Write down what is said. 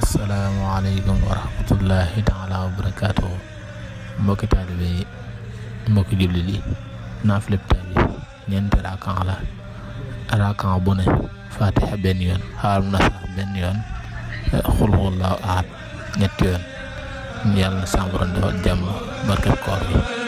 asalaamualeykum wa rahmatullahi taala wa barakaatu mbokki taalibe yi mbokki jullit yi naafila bi ñeenti raakan la raakan bu ne fatiha benn yoon xaaral na sax benn yoon xul xul laa aat ñetti yoon yàlla na sàmm defal jàmm barkeb koor bi